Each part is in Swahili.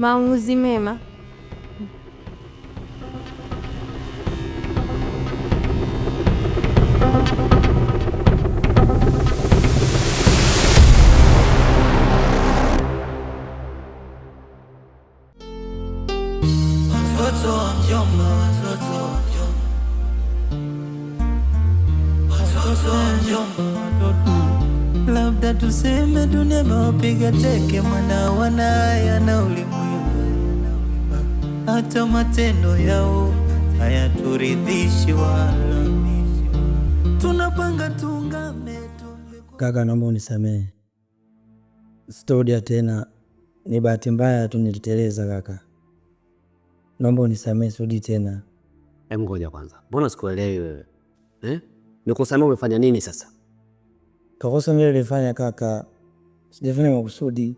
Maamuzi mema. Labda tuseme dunia mawapiga teke, mwana wanaya na ulimwengu hata matendo yao hayaturidhishi wala. Tunapanga tungame. Kaka, naomba unisamehe, sitodia tena. Ni bahati mbaya tu niliteleza kaka, naomba unisamehe, sudi tena. Hebu ngoja kwanza, mbona sikuelewi wewe eh? Nikusamehe umefanya nini sasa? Kakosa mimi nilifanya kaka, sijafanya makusudi.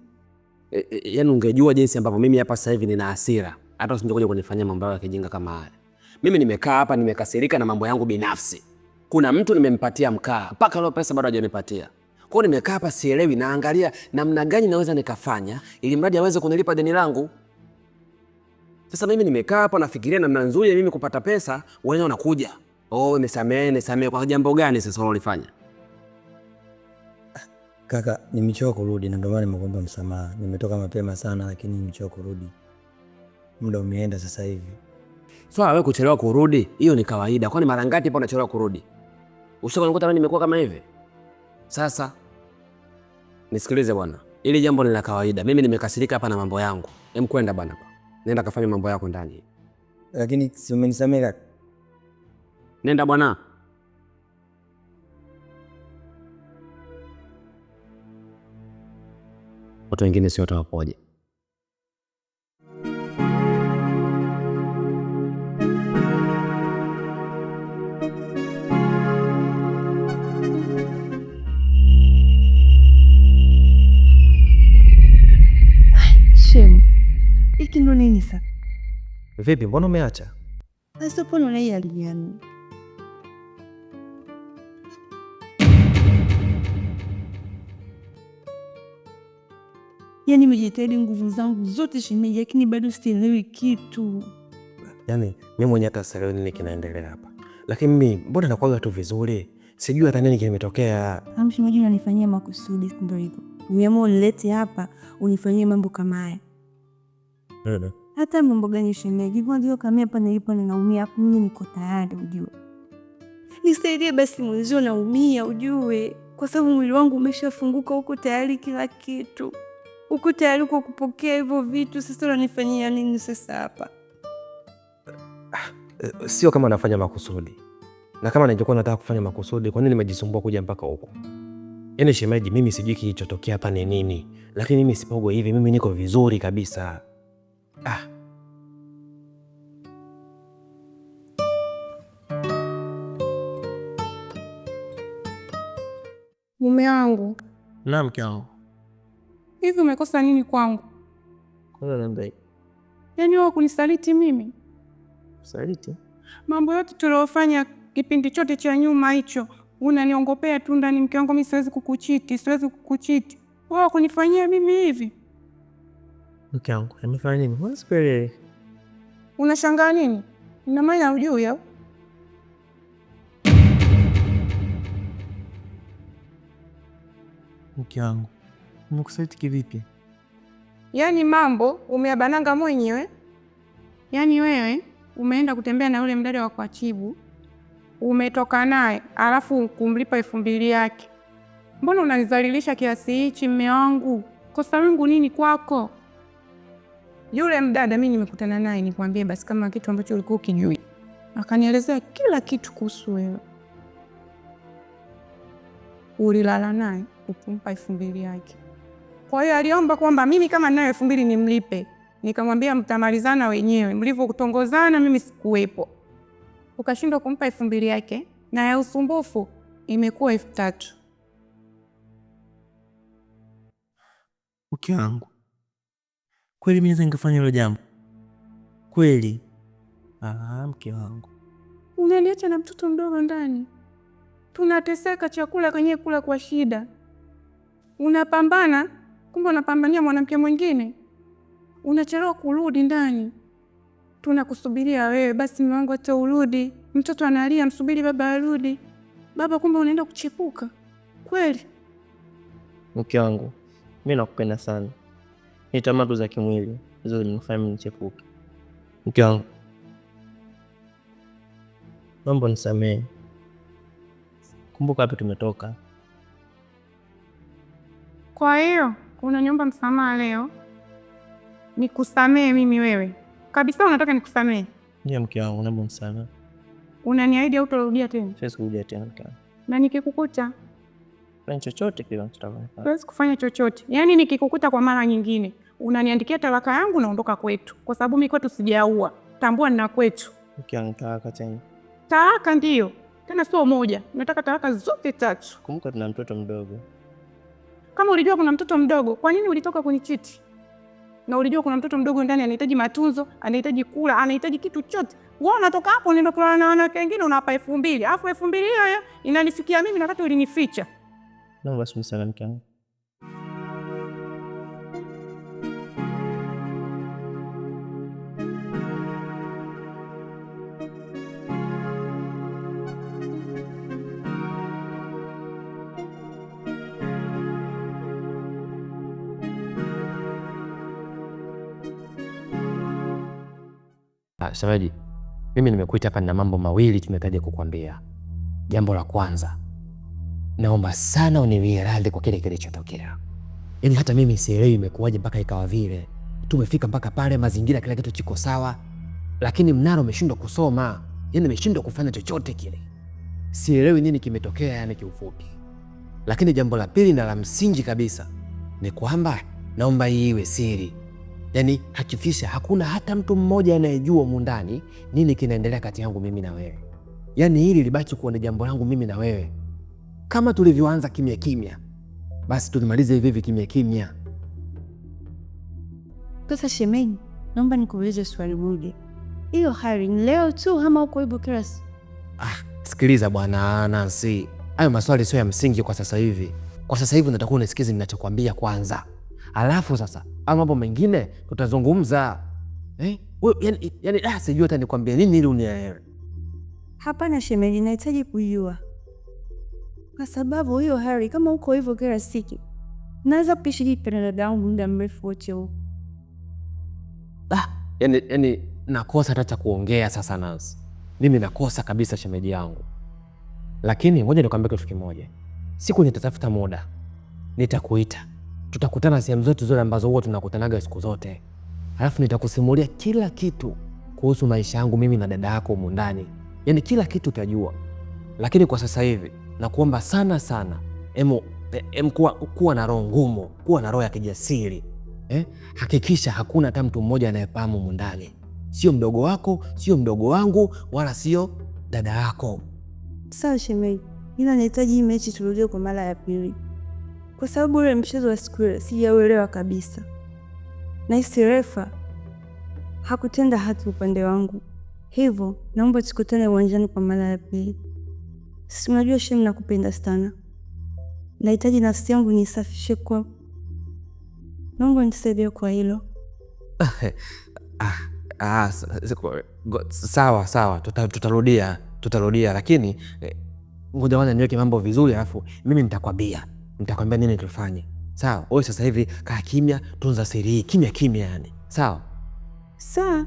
E, e, yaani ungejua jinsi ambavyo mimi hapa sasa hivi nina hasira hata usingekuja kunifanyia mambo yako ya kijinga kama haya. Mimi nimekaa hapa nimekasirika na mambo yangu binafsi. Kuna mtu nimempatia mkaa mpaka leo pesa bado hajanipatia. Kwa hiyo nimekaa hapa sielewi, naangalia namna gani naweza nikafanya ili mradi aweze kunilipa deni langu. Sasa mimi nimekaa hapa nafikiria namna nzuri ya mimi kupata pesa, wewe unakuja. Oh, nisamehe, nisamehe kwa jambo gani sasa ulifanya? Kaka, nimechoka kurudi na ndio maana nimekuomba msamaha. Nimetoka mapema sana lakini nimechoka kurudi muda umeenda sasa hivi. Swala so, wewe kuchelewa kurudi hiyo ni kawaida, kwani mara ngapi hapo unachelewa kurudi? Ushakunikuta mimi nimekuwa kama hivi? Sasa nisikilize bwana, ili jambo ni la kawaida. Mimi nimekasirika hapa na mambo yangu. Hem, kwenda bwana, nenda kafanya mambo yako ndani, lakini si umenisamehe? Nenda bwana. Watu wengine si watu wapoje? Hiki ndo nini sasa? Vipi, mbona umeacha? Sasa Yani yaani nimejitahidi nguvu zangu zote shemeji, lakini bado sielewi kitu. Yaani mimi mwenyewe hata sielewi nini kinaendelea hapa, lakini mimi mbona nakwaga tu vizuri, sijui hata nini kimetokea. Ah, shemeji, unanifanyia makusudi. Kumbe hivyo umeamua unilete hapa unifanyie mambo kama haya. Eh. hata mambo gani shemeji, ndio kama hapa nilipo ninaumia, mimi niko tayari, ujue nisaidie basi mwenzio, naumia ujue, kwa sababu mwili wangu umeshafunguka, uko tayari kila kitu, uko tayari kwa kupokea hivyo vitu. Sasa unanifanyia nini sasa hapa? Eh, eh, sio kama nafanya makusudi, na kama ningekuwa nataka kufanya makusudi, kwa nini nimejisumbua kuja mpaka huko? Yaani shemeji, mimi sijui kilichotokea hapa ni nini, lakini mimi sipogo hivi, mimi niko vizuri kabisa. Ah. Mume wangu. Na mke wangu. Hivi umekosa nini kwangu? Yaani wewe kunisaliti mimi? Saliti? Mambo yote tuliofanya kipindi chote cha nyuma hicho unaniongopea tu ndani, mke wangu. Mi siwezi kukuchiti, siwezi kukuchiti. Wewe kunifanyia mimi hivi Mke wangu amefanya nini? Mbona sikuelewi? Unashangaa nini? Ina maana hujui yao? Mke wangu nimekusaliti kivipi? Yaani mambo umeyabananga mwenyewe. Yaani wewe umeenda kutembea na yule mdada wa kwachibu umetoka naye alafu kumlipa elfu mbili yake. Mbona unanizalilisha kiasi hichi, mme wangu? Kosa langu nini kwako? Yule mdada mi nimekutana naye, nikwambie basi kama kitu ambacho ulikuwa ukijui. Akanielezea kila kitu kuhusu wewe. Ulilala naye ukumpa elfu mbili yake. Kwa hiyo aliomba kwamba mimi kama nayo elfu mbili nimlipe. Nikamwambia mtamalizana wenyewe, mlivyotongozana mimi sikuwepo. Ukashindwa kumpa elfu mbili yake, na ya usumbufu imekuwa elfu tatu. Ukiangu kweli mimi naweza nikafanya hilo jambo kweli? mke wangu unaniacha na mtoto mdogo ndani, tunateseka chakula kwenye kula kwa shida, unapambana kumbe unapambania mwanamke mwingine, unachelewa kurudi ndani, tunakusubiria wewe. Basi mume wangu, hata urudi, mtoto analia, msubiri baba arudi. Baba kumbe unaenda kuchepuka kweli. Mke wangu, mi nakupenda sana ni tamaa tu za kimwili hizo zilinifanya nichepuke. Mke wangu, mambo nisamehe, kumbuka wapi tumetoka. Kwa hiyo nyumba msamaha leo nikusamehe mimi? Wewe kabisa unataka nikusamehe? Ndio mke wangu, naomba msamaha. Unaniahidi au utarudia tena? Siwezi kurudia tena mke wangu. Na nikikukuta chochote kile siwezi kufanya chochote. Yaani nikikukuta kwa mara nyingine unaniandikia talaka yangu, naondoka kwetu, kwa sababu mi kwetu sijaua. Tambua nina kwetu. Talaka tena? Talaka ndio tena sio moja, nataka talaka zote tatu. Kumbuka tuna mtoto mdogo. Kama ulijua kuna mtoto mdogo, kwa nini ulitoka kwenye chiti? Na ulijua kuna mtoto mdogo ndani, anahitaji matunzo, anahitaji kula, anahitaji kitu chote. Wewe unatoka hapo unaenda kulala na wanawake wengine, unawapa elfu mbili, alafu elfu mbili hiyo inanifikia mimi, na wakati ulinificha. Naomba sana mke wangu Msemaji, mimi nimekuita hapa na mambo mawili tumetaja kukwambia. Jambo la kwanza, naomba sana uniwie radhi kwa kile kilichotokea. Yaani hata mimi sielewi imekuwaje mpaka ikawa vile. Tumefika mpaka pale, mazingira kila kitu chiko sawa, lakini mnara umeshindwa kusoma, yaani umeshindwa kufanya chochote kile. Sielewi nini kimetokea, yani kiufupi. Lakini jambo la pili na la msingi kabisa ni kwamba naomba hii iwe siri yani hakikisha hakuna hata mtu mmoja anayejua mundani nini kinaendelea kati yangu mimi na wewe. Yani hili libaki kuwa ni jambo langu mimi na wewe, kama tulivyoanza kimya kimya, basi tulimalize hivi hivi kimya kimya. Sasa shemeji, naomba nikuulize swali moja. Hiyo hali ni leo tu ama uko hivyo kila siku? Ah, sikiliza bwana Nancy, hayo maswali sio ya msingi kwa sasa hivi. Kwa sasa hivi unatakiwa unisikize ninachokwambia kwanza. Alafu sasa ama mambo mengine tutazungumza eh? Yani, yani ah, sijui hata nikwambie nini ili unielewe. Hapana shemeji, nahitaji kujua kwa sababu hiyo hari, kama uko hivyo kila siku, naweza kuishi hii pena dada yangu muda mrefu wote huu. Ah, yani, yani nakosa hata cha kuongea sasa. Nazi mimi nakosa kabisa shemeji yangu, lakini ngoja nikwambie kitu kimoja. Siku nitatafuta muda, nitakuita tutakutana sehemu zote zote ambazo huwa tunakutanaga siku zote, alafu nitakusimulia kila kitu kuhusu maisha yangu mimi na dada yako humu ndani, yaani kila kitu utajua. Lakini kwa sasa hivi nakuomba sana sana, emu, emu kuwa, kuwa na roho ngumu, kuwa na roho ya kijasiri eh? Hakikisha hakuna hata mtu mmoja anayefahamu humu ndani, sio mdogo wako, sio mdogo wangu, wala sio dada yako. Sawa shemeji, ila nahitaji mechi turudie kwa mara ya pili kwa sababu ule mchezo wa siku ile sijauelewa kabisa. Nahisi refa hakutenda hatu upande wangu, hivyo naomba tukutane uwanjani kwa mara ya pili. Si unajua Shem, nakupenda sana, nahitaji nafsi yangu nisafishe kwa, naomba nisaidie kwa hilo. Ah, ah sawa sawa, tutarudia tutarudia, lakini eh, ngoja kwanza niweke mambo vizuri, alafu mimi nitakwambia nitakwambia nini tufanye. Sawa, wewe sasa hivi kaa kimya, tunza siri hii kimya kimya, yani sawa sawa.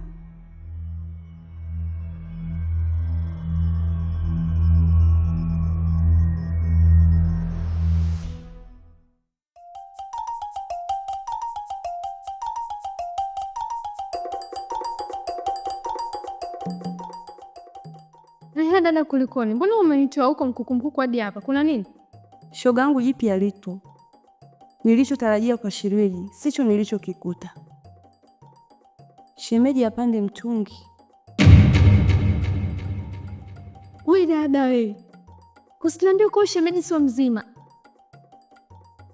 Dada, kulikoni? Mbona umenitoa huko mkukumkuku hadi hapa? Kuna nini? shoga yangu jipya litu. Nilichotarajia kwa Shirweli sicho nilichokikuta. Shemeji apande mtungi. We dada we, usiniambie kuwa shemeji sio mzima.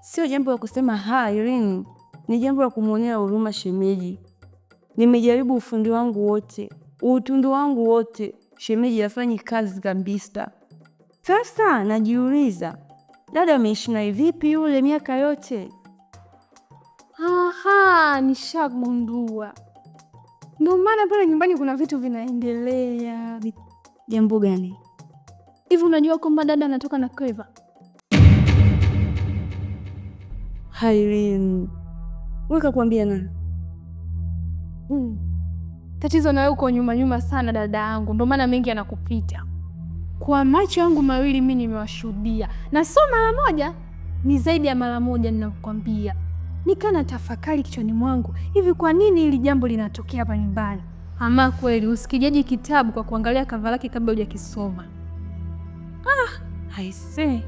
Sio jambo la kusema ha Irene, ni jambo la kumwonea huruma shemeji. Nimejaribu ufundi wangu wote, utundu wangu wote, shemeji yafanyi kazi kabisa. Sasa najiuliza Dada ameishina vipi yule miaka yote? Aha, nishagundua. Ndio maana pale nyumbani kuna vitu vinaendelea. Jambo gani? Hivi unajua kwamba dada anatoka na Cleva? Hailin, weka kuambia nani? Hmm. Tatizo na wewe uko nyuma nyuma sana dada yangu, ndio maana mengi anakupita kwa macho yangu mawili mi nimewashuhudia, na sio mara moja, ni zaidi ya mara moja ninakwambia. Nikaa na tafakari kichwani mwangu, hivi kwa nini hili jambo linatokea hapa nyumbani? Ama kweli usikijaji kitabu kwa kuangalia kava lake kabla hujakisoma. Ah, haise,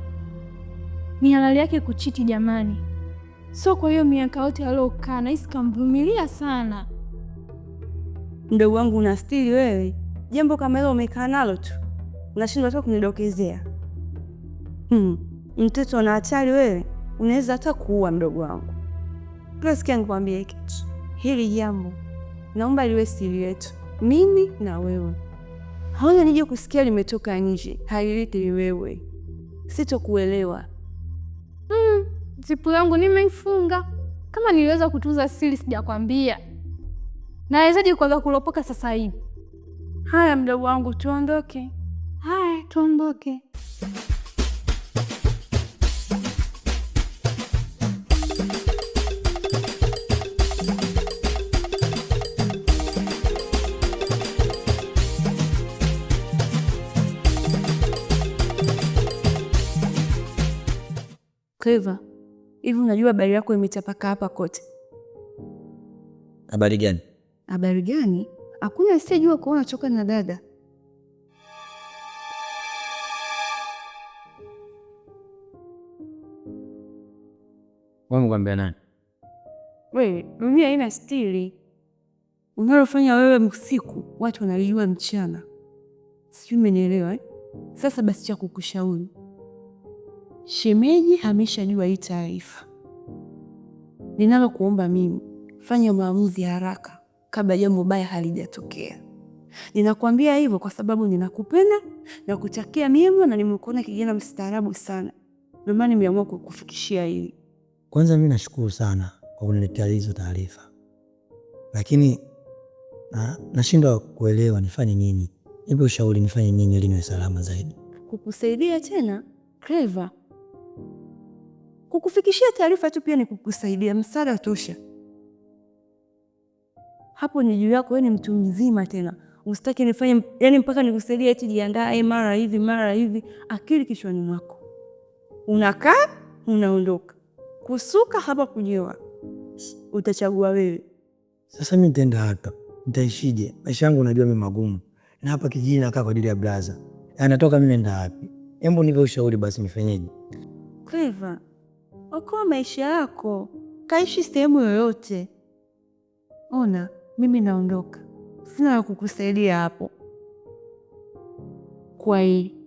ni halali yake kuchiti jamani. So kwa hiyo miaka yote aliokaa nahisi kamvumilia sana. Mdogo wangu, unastiri wewe, jambo kama hilo umekaa nalo tu unashindwa hata kunidokezea. Hmm, mtoto ana hatari wewe, unaweza hata kuua mdogo wangu. sikia nikwambie kitu, hili jambo naomba liwe siri yetu, mimi na wewe. Hauna nije kusikia limetoka nje, halilithi wewe, sitokuelewa. Hmm, zipu yangu nimeifunga. Kama niliweza kutunza siri, sijakwambia nawezaje kuanza kulopoka sasa hivi? Haya, mdogo wangu, tuondoke tumbuke. Clever, hivi unajua habari yako imetapaka hapa kote? Habari gani? Habari gani? Hakuna asiyejua kuwa unachoka na dada. Wewe kwambia nani? Wewe dunia haina stili. Unalofanya wewe msiku watu wanalijua mchana, sijui umenielewa eh? Sasa basi, cha kukushauri shemeji ameshajua hii taarifa. Ninalokuomba mimi, fanya maamuzi haraka kabla jambo baya halijatokea. Ninakwambia hivyo kwa sababu ninakupenda na kutakia mema, na nimekuona kijana mstaarabu sana, ndio maana nimeamua kukufikishia hili. Kwanza mi nashukuru sana kwa kuniletea hizo taarifa, lakini nashindwa kuelewa nifanye nini. Nipe ushauri nifanye nini ili niwe salama zaidi. Kukusaidia tena Clever, kukufikishia taarifa tu pia ni kukusaidia, msaada tosha hapo. Ni juu yako, ni mtu mzima tena, usitaki nifanye yani mpaka nikusaidia eti jiandae mara hivi mara hivi. Akili kichwani mwako, unakaa unaondoka kusuka hapa kunyewa, utachagua wewe. Sasa mi nitaenda hapa, nitaishije? Maisha yangu najua mi magumu, na hapa kijijini nakaa kwa ajili ya blaza, anatoka mi naenda hapi? Hebu nipe ushauri basi, nifanyeje? Kleva, okoa maisha yako, kaishi sehemu yoyote. Ona, mimi naondoka, sina la kukusaidia hapo kwa hii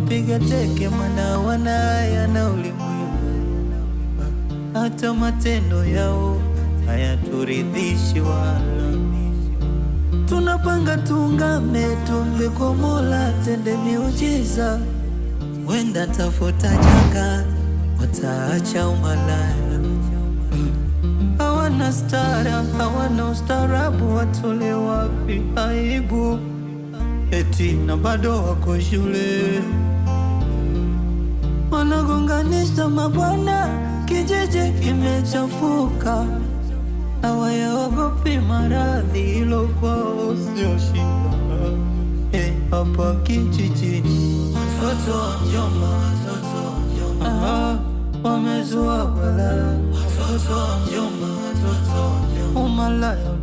piga teke mwana wanaya na ulimwengu, hata matendo yao hayaturidhishi wala. Tunapanga tungame, tumbe kwa Mola, tende miujiza, wenda tafuta jaka, wataacha umalaya. Hawana stara, hawana ustarabu, watole wapi aibu eti na bado wako shule, wanagonganisha mabwana, kijiji kimechafuka, hawayaogopi maradhi, hilo kwao sio shida. Eh, hapa kijijini watoto wa mjomba, wamezua balaa, watoto wa mjomba umalaya